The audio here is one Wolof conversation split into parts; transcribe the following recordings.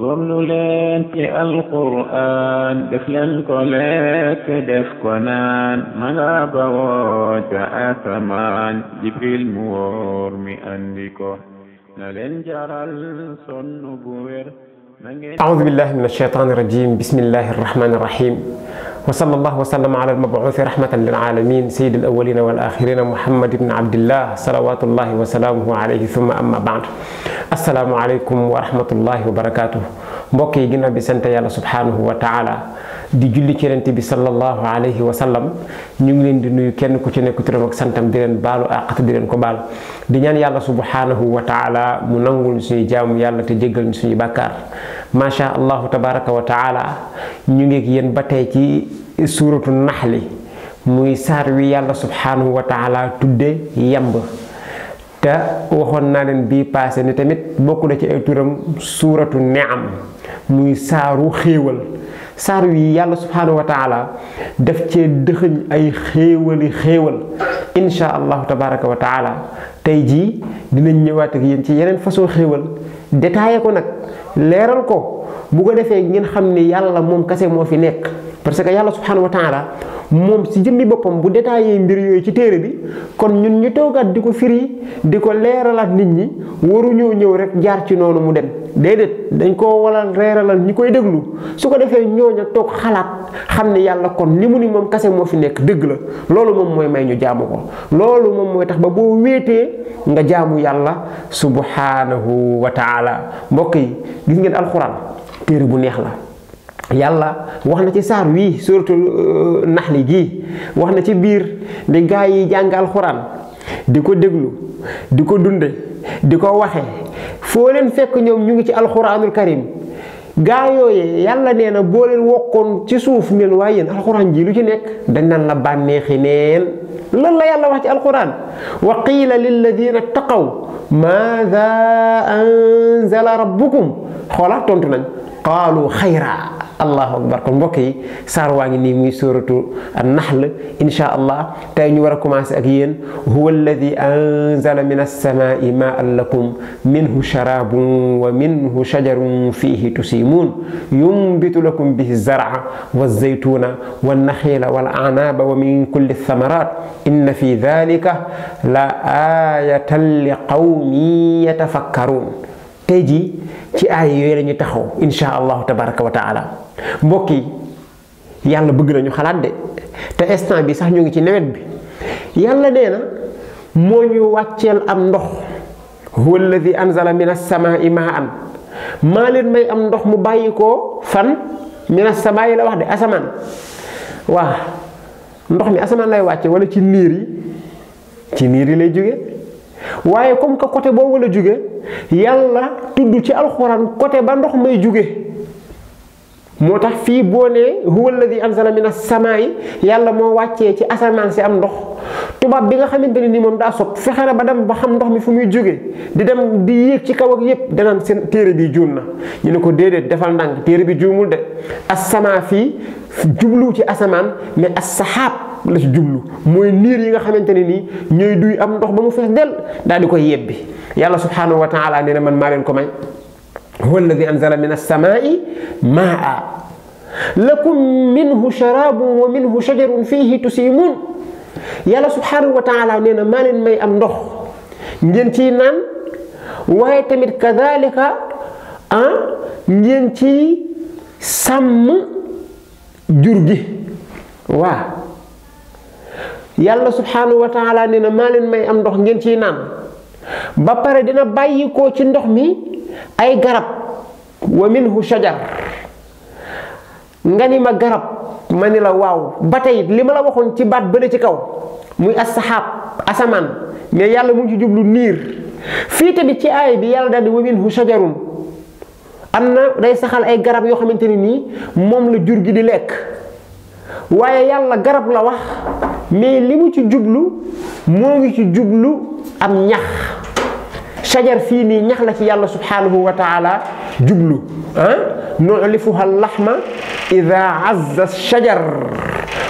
ضمن لك القرآن دفل القلاك دف قنان مغاب وجاء جبريل موار مئنكو نلنجر الصن بوير أعوذ بالله من الشيطان الرجيم بسم الله الرحمن الرحيم وصلى الله وسلم على المبعوث رحمة للعالمين سيد الأولين والآخرين محمد بن عبد الله صلوات الله وسلامه عليه ثم أما بعد asalaamaaleykum wa rahmatullahi wa barakaatu mbokk yi ginnaaw bi sant yàlla subhaanahu wa taala di julli ci yonent bi sallallahu alayhi wa sallam ñu ngi leen di nuyu kenn ku ci nekk turam santam di leen baalu di leen ko baal di ñaan yàlla subhaanahu wa taala mu nangul ñu suñu jaamu yàlla te jéggal ñu suñu bàkkaar macha allahu tabaraka wa taala ñu ngi ak yéen ba tey ci suuratu naxli muy saar wi yàlla subhaanahu wa taala tudde yamb te waxoon naa leen bii passé ni tamit bokk na ci ay turam suuratu neam muy saaru xéewal saaru yi yàlla subhaanahu wa def cee dëxëñ ay xéewali xéewal insha allahu tabaraka wa tey jii dinañ ñëwaat ak yéen ci yeneen façon xéewal détaillé ko nag leeral ko bu ko defee ngeen xam ni yàlla moom kase moo fi nekk parce que yàlla subhaanahu wa moom si jëmmi boppam bu détaillé mbir yooyu ci téere bi kon ñun ñu toogaat di ko firi di ko leeralaat nit ñi waruñoo ñëw rek jaar ci noonu mu dem déedéet dañ koo walal reeralal ñi koy déglu su ko defee ñooña toog xalaat xam ne yàlla kon li mu ni moom kase moo fi nekk dëgg la loolu moom mooy may ñu jaamu ko loolu moom mooy tax ba boo wéetee nga jaamu yàlla subhanahu wa taala mbokk yi gis ngeen alxuraan téere bu neex la yàlla wax na ci saar wii suratul euh, naxli gii wax na ci biir di gaa yi jàng alxuraan di ko déglu di ko dunde di ko waxe foo leen fekk ñoom ñu ngi ci alxuraanul karim gaa yooyee yàlla nee na boo leen wokkoon ci suuf neen waaye yéen alxuraan jii lu ci nekk dañ naan la bànneexi neen lan la yàlla wax ci alquran wa qiila lilladina taqaw maada anzala rabbukum خلاص تونتنا قالوا خيرا الله أكبر كم بقي صار واجني مسورة النحل إن شاء الله تاني وراكم عس أجين هو الذي أنزل من السماء ماء لكم منه شراب ومنه شجر فيه تسيمون ينبت لكم به الزرع والزيتون والنخيل والاعناب ومن كل الثمرات إن في ذلك لآية لقوم يتفكرون teji ji ci ay yooyu la ñu taxaw inshallah allahu wa taala mbokki yalla bëgg nañu xalaat de té instant bi sax ñu ngi ci nawet bi yalla nee mo ñu waccel am ndox ladhi anzala minas samaa'i maan ma leen may am ndox mu bayiko fan minas samaa'i la wax de asaman wa ndox mi asaman lay wacce wala ci niri ci niri lay jóge waye comme ko côté bo wala yalla tudd ci alxuraan côté ba ndox may jóge moo tax fii boo nee huwa alladi anzala mina yi yàlla moo wàccee ci asamaan si am ndox tubaab bi nga xamante ne ni moom daa sob fexe na ba dem ba xam ndox mi fu muy jóge di dem di yéeg ci kaw ak yépp danaan seen téere bi juum na ñu ne ko déedéet defal ndànk téere bi juumul de asamaa fii jublu ci asamaan mais as-saxaab la ci jublu mooy niir yi nga xamante ne nii ñooy duy am ndox ba mu fees del daal di koy yebbi يلا سبحانه وتعالى أن من مارين كمان هو الذي أنزل من السماء ماء لكم منه شراب ومنه شجر فيه تسيمون يلا سبحانه وتعالى أن مارين ما يأمنه نجنتينا ويتمر كذلك أن آه، سم جرجي وا يلا سبحانه وتعالى أن مارين ما يأمنه نجنتينا ba pare dina bayi ci ndox mi ay garab wa minhu shajar ngani ma garab manila waw batay lima la waxon ci bat bële ci kaw muy assaxaab asaman ne yalla mu ngi ci jublu niir fii bi ci ay bi yalla dal di wa minhu shajarun amna day saxal ay garab yo xamanteni ni mom la jur gi di lek waye yalla garab la wax mais limu ci jublu mo ngi ci jublu am ñax shajar sii nii ñax la ci yàlla subhaanahu wa taala jublu ah nulifuha laxma ida azza shajar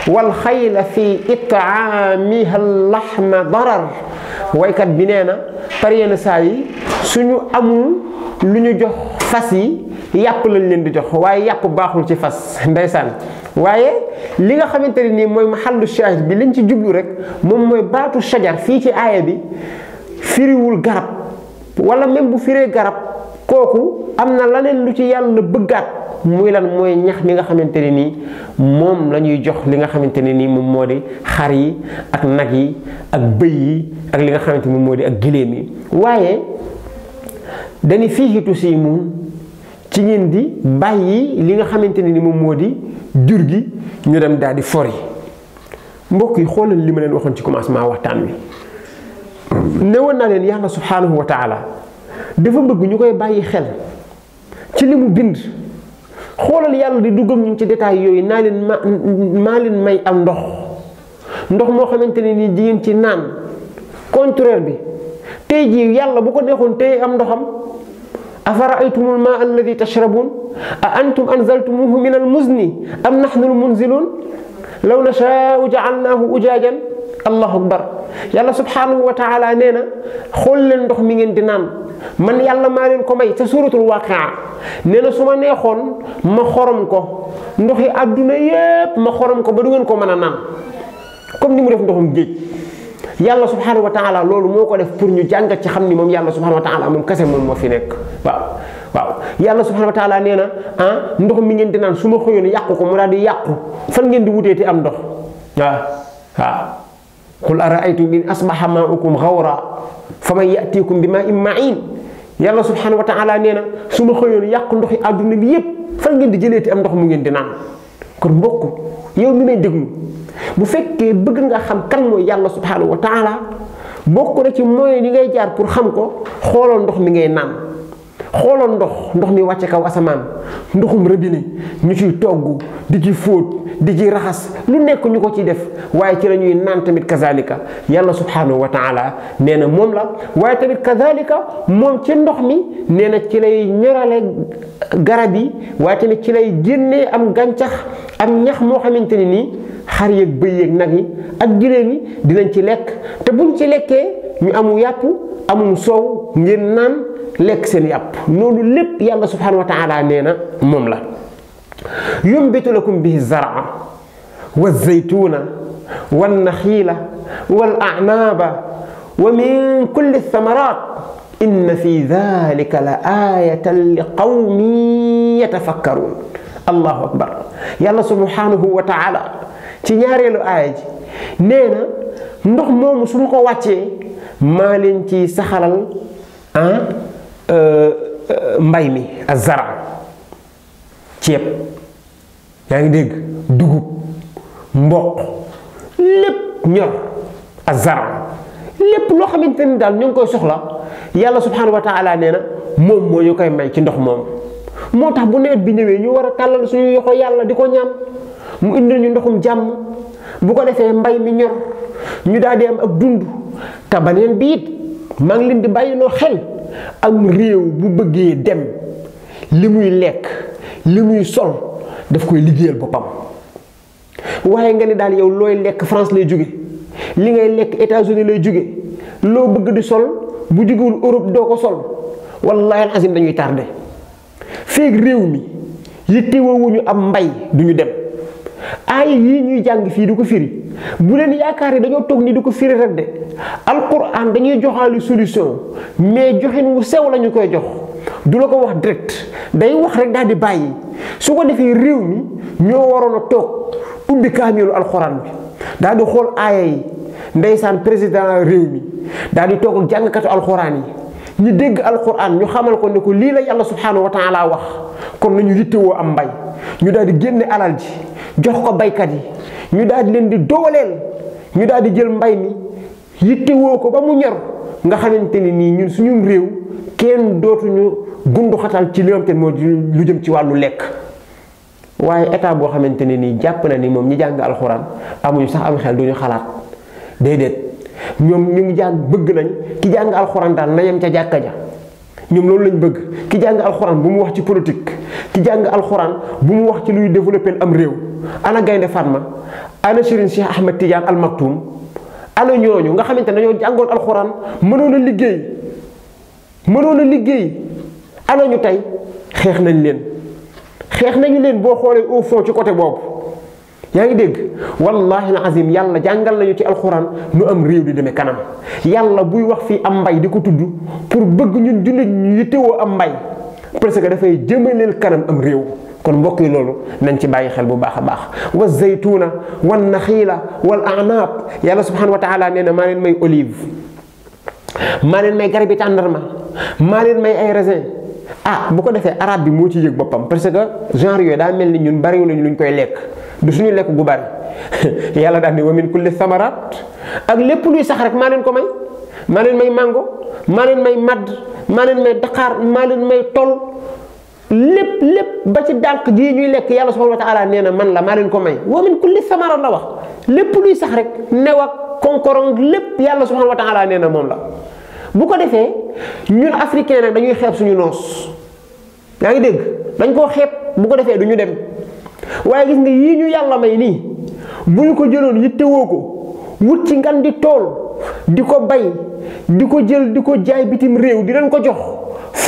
walxayla fi itaamiha laxma darar waykat bi nee na par yenn saa yi suñu amul lu ñu jox fas yi yàpp lañ leen di jox waaye yàpp baaxul ci fas ndeysaan waaye li nga xamante ne nii mooy maxallu shaahid bi lañ ci jublu rek moom mooy baatu shajar fii ci aaya bi firiwul garab wala même bu firé garab koku amna lanen lu ci yalla bëggat muy lan moy ñax mi nga xamanteni ni mom lañuy jox li nga xamanteni ni mom modi xar yi ak nag yi ak bëy yi ak li nga xamanteni mom modi ak giléem yi wayé dañi fihi ci ngeen di bayyi li nga xamanteni ni mom modi jurgi ñu dem daal fori mbokk yi xolal li ma leen waxon ci commencement waxtan wi newoon naa leen yàlla subhaanahu wa taala dafa bëgg ñu koy bàyyi xel ci limu bind xoolal yàlla di duggam ñu ci détail yooyu naa leen ma maa leen may am ndox ndox moo xamante ne ni jigéen ci naan contraire bi tey jii yàlla bu ko neexoon tey am ndoxam afara aytumul maa alladi tashrabuun a antum anzaltumuhu am nahnu al munziluun law nashaau jaalnaahu ujaajan allahu akbar yàlla subhanahu wa taala nee na xool leen ndox mi ngeen di naan man yàlla maa leen ko may ca suuratul waaqia nee na su ma neexoon ma xorom ko ndoxi àdduna yépp ma xorom ko ba du ngeen ko mën a naan comme ni mu def ndoxum géej yàlla subhanahu wa taala loolu moo ko def pour ñu jàngat ci xam ni moom yàlla subhanahu wa taala moom kese moom moo fi nekk waaw waaw yàlla subhanahu wa taala nee na ah ndox mi ngeen di naan su ma xëyoon yàqu ko mu daal di yàqu fan ngeen di wuteeti am ndox waaw waaw qul araaytum in asbaha maaukum xawra fa man yatikum bi ma im main yàlla subhanahu wa taala nee na su ma xëyoon ndox yi àdduna bi yépp fan ngeen di jëleeti am ndox mu ngeen di naan kon mbokk yow mi may déglu bu fekkee bëgg nga xam kan mooy yàlla subhanahu wa taala bokk na ci moyen yi ngay jaar pour xam ko xoolal ndox mi ngay naan xooloon ndox ndox mi wàcce kaw asamaan ndoxum robinet ñu ciy togg di ci fóot di ci raxas lu nekk ñu ko ci def waaye ci lañuy ñuy naan tamit kazalika yàlla subhanahu wa taala nee na moom la waaye tamit kazalika moom ci ndox mi nee na ci lay ñorale garab yi waaye tamit ci lay génnee am gàncax am ñax moo xamante ni xar yeeg bëy yeeg nag yi ak giléem yi dinañ ci lekk te buñ ci lekkee ñu amul yàpp amul soow ngeen naan lekk seen yàpp loolu lépp yàlla subhanahu wa taala nee na moom la yumbitu lakum bihi zaraa wa zaytuuna wa naxiila wa anaaba wa min kulli thamarat inna fi dalika la aayatan li qawmin yatafakkaruun allahu akbar yàlla subhanahu wa taala ci ñaareelu aaya ji nee na ndox moomu su ma ko wàccee maa leen ci saxalal ah Euh, euh, mbay mi ak zara ceeb yaa ngi dégg dugub mboq lépp ñor ak zara lépp loo xamante ni daal ñu ngi koy soxla yàlla subhanahu wa nee na moom moo ñu koy may ci ndox moom moo tax bu nawet bi ñëwee ñu war a tàllal suñu yàlla di ko ñaan mu indil ñu ndoxum jàmm bu ko defee mbay mi ñor ñu daal di am ak dund te baneen bi it maa ngi leen di bàyyiloo xel am réew bu bëggee dem li muy lekk li muy sol daf koy liggéeyal boppam waaye nga ni daal yow looy lekk France lay jóge li ngay lekk états lay jóge loo bëgg di sol bu jógewul Europe doo ko sol wallaahi azim dañuy tardé feek réew mi yittewoo wuñu am mbay duñu dem aay yii ñuy jàng fii du ko firi bu leen yaakaar yi dañoo toog ni di ko firi rek de alquran dañuy joxaali solution mais joxin wu sew lañu koy jox du la ko wax direct day wax rek daal di bàyyi su ko defee réew mi ñoo waroon a toog ubbi kaamilu alquran bi daal di xool aaya yi ndeysaan président réew mi daal di toog ak jàngkatu alquran yi ñu dégg alquran ñu xamal ko ne ko lii la yàlla subhaanahu wa taala wax kon nañu yittewoo am mbay ñu daal di génne alal ji jox ko baykat yi ñu daal di leen di dooleel ñu daal di jël mbay mi yitté woo ko ba mu ñor nga xamanteni ni ñun suñu réew kenn ñu gundu xatal ci li nga mo lu jëm ci walu lek waye état bo xamanteni ni japp na ni mom ñi jang alcorane amuñu sax am xel duñu xalaat dedet ñom ñu ngi jàng bëgg nañ ki jang alcorane daal na ca jakka ja ñom loolu lañ bëgg ki jang alcorane bu mu wax ci politique ki jang alcorane bu mu wax ci luy développer am rew ana gaynde Fatma ana Serigne Cheikh Ahmed Tidiane al Maktoum ana ñooñu nga xamante ne dañoo jàngoon alxuraan mënoon a liggéey mënoon a liggéey ana ñu tey xeex nañ leen xeex nañu leen boo xoolee au fond ci côté boobu yaa ngi dégg wallahi azim yàlla jàngal nañu ci alxuraan nu am réew di demee kanam yàlla buy wax fii am mbay di ko tudd pour bëgg ñu jullit ñu yittewoo am mbay parce que dafay jëmaleel kanam am réew kon mbokk yi loolu nañ ci bàyyi xel bu baax a baax wa zaytuna wan naxiila wal anaab yàlla subhanahu wa taala nee na maa leen may olive maa leen may garabi tàndarma maa leen may ay raisin ah bu ko defee arab bi moo ci yëg boppam parce que genre yooyu daa mel ni ñun bariwu lañu luñ koy lekk du suñu lekk gu bari yàlla daal ni wa min kulli samarat ak lépp luy sax rek maa leen ko may maa leen may mango maa leen may madd maa leen may daqaar maa leen may tol lepp lepp ba ci dank ji ñuy lek yalla subhanahu wa taala neena man la maa leen ko may wa min kulli samara la wax lepp luy sax rek newa konkorong lépp subhanahu wa taala neena mom la bu ko defé ñun africain nak dañuy xép suñu nos yaa nga dégg dañ ko xép bu ko defé duñu dem waye gis nga yi ñu yalla may ni bu ñu ko jëloon yittewoo ko wut ci ngan di tool di bay diko jël diko jaay bitim rew di lañ ko jox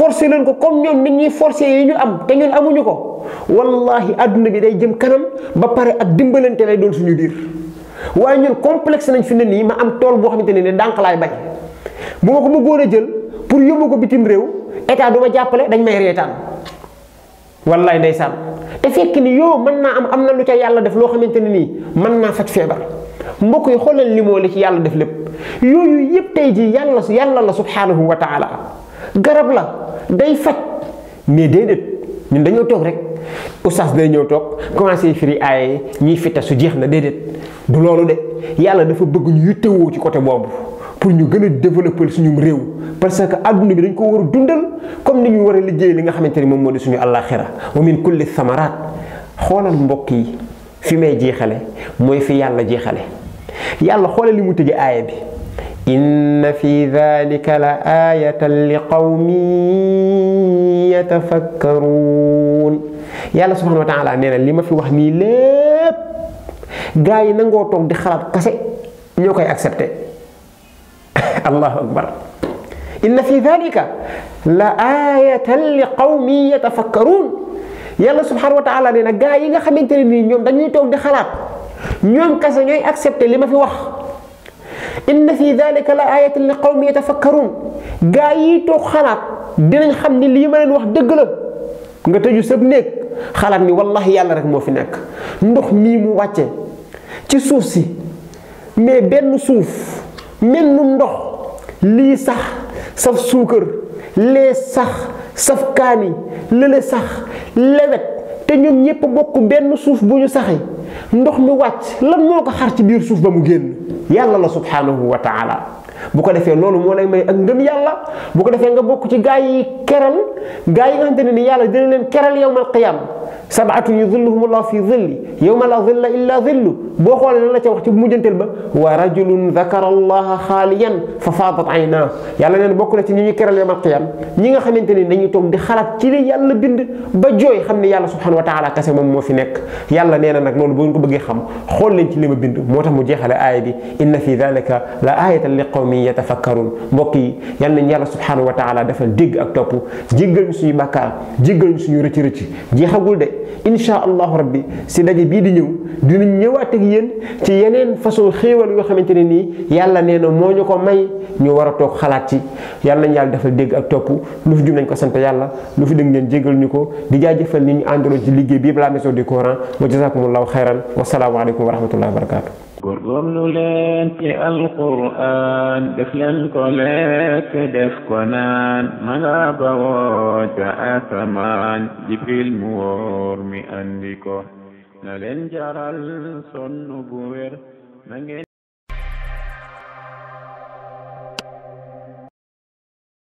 forcé leen ko comme ñoom nit ñuy forcé yi ñu am te ñun amuñu ko wallahi àdduna bi day jëm kanam ba pare ak dimbalante lay doon suñu biir waaye ñun complexe nañ fi ne nii ma am tool boo xamante ne ne dànq laay bay bu ko bëggoon a jël pour yóbbu ko bitim réew état du ma jàppale dañ may reetaan wallaay ndeysaan te fekk ni yow mën naa am am na lu ca yàlla def loo xamante ne nii mën naa faj feebar mbokk yi xoolal li moo li ci yàlla def lépp yooyu yëpp tey jii yàlla yàlla la subhanahu wa taala garab la day faj mais déedéet ñun dañoo toog rek oustaz day ñëw toog commencé firi aaye ñiy fitta su jeex na déedéet du loolu de yàlla dafa bëgg ñu yittewoo ci côté boobu pour ñu gën a développer suñu réew parce que adduna bi dañ ko war a dundal comme ni ñu war a liggéey li nga xamante ni moom moo di suñu àllaaxira wa min kulli samaraat xoolal mbokk yi fi may jeexale mooy fi yàlla jeexale yàlla xoolal li mu tëje aaye bi inna fi dhalika la aayatan li qawmin yatafakkaruun yàlla subhaanahu wa taala nee ma fi wax nii lépp gaa yi nangoo toog di xalaat kase ñoo koy accepté allahu akbar inna fi dhalika la aayatan li qawmin yatafakkaruun yàlla subhaanahu wa taala nee gaa yi nga xamante ne nii ñoom dañuy toog di xalaat ñoom kase ñooy accepté li ma fi wax inna fi dalika la ayatin li qawmi yatafakkarun gaa yi toog xalaat dinañ xam ni lii ma leen wax dëgg la nga tëju sëb néeg xalaat ni wallahi yàlla rek moo fi nekk ndox mii mu wàcce ci suuf si mais benn suuf mel menn ndox lii sax saf suukar lee sax saf kaani lële sax lewet te ñun ñépp bokk benn suuf bu ñu saxee ndox mi wàcc lan moo ko xar ci biir suuf ba mu génn yàlla la subhaanahu wa taala bu ko defee loolu moo lay may ak ngëm yàlla boo ko defee nga bokk ci gaa yi keral gaa yi nga xamante ne ni yàlla dina leen keral yowmal qiyaama sabaatun yudilluhum allah fi dilli yowma la dilla illa dillu boo xoolee lan la ca wax ci mujjantal ba wa rajulun dakara allaha xaaliyan fa faadat aynaa yàlla neen bokk na ci ñi ñuy keral yawmal qiyaam ñi nga xamante ni dañuy toog di xalaat ci li yàlla bind ba jooy xam ne yàlla subhanahu wa taala kase moom moo fi nekk yàlla nee na nag loolu boo ko bëggee xam xool leen ci li ma bind moo tax mu jeexale aaya bi inna fi dalika la aayatan li qawmin yatafakkarun mbokk yi yal nañ yàlla subhanahu wa taala defal dégg ak topp jéggal ñu suñu bàkkaar jéggal ñu suñu rëcc rëcc jeexagul de incha allahu rabbi si daje bii di ñëw dinañ ñëwaat ak yéen ci yeneen façon xéewal yoo xamante ne nii yàlla nee na moo ñu ko may ñu war a toog xalaat ci yàlla nañ yàlla defal dégg ak topp lu fi jum nañ ko sant yàlla nu fi dëng ngeen jégal ñu ko di jëfal ni ñu àndaloon ci liggéey bi balaa la maison du Coran wa jazakumullahu xayran wasalaamualeykum wa rahmatullahi wa barakatu góorgóorlu leen ci alquraan def leen ko lekk def ko naan ma nga bawoo ca asamaan jibril mu mi andi na leen jaral sonn bu wér na ngeen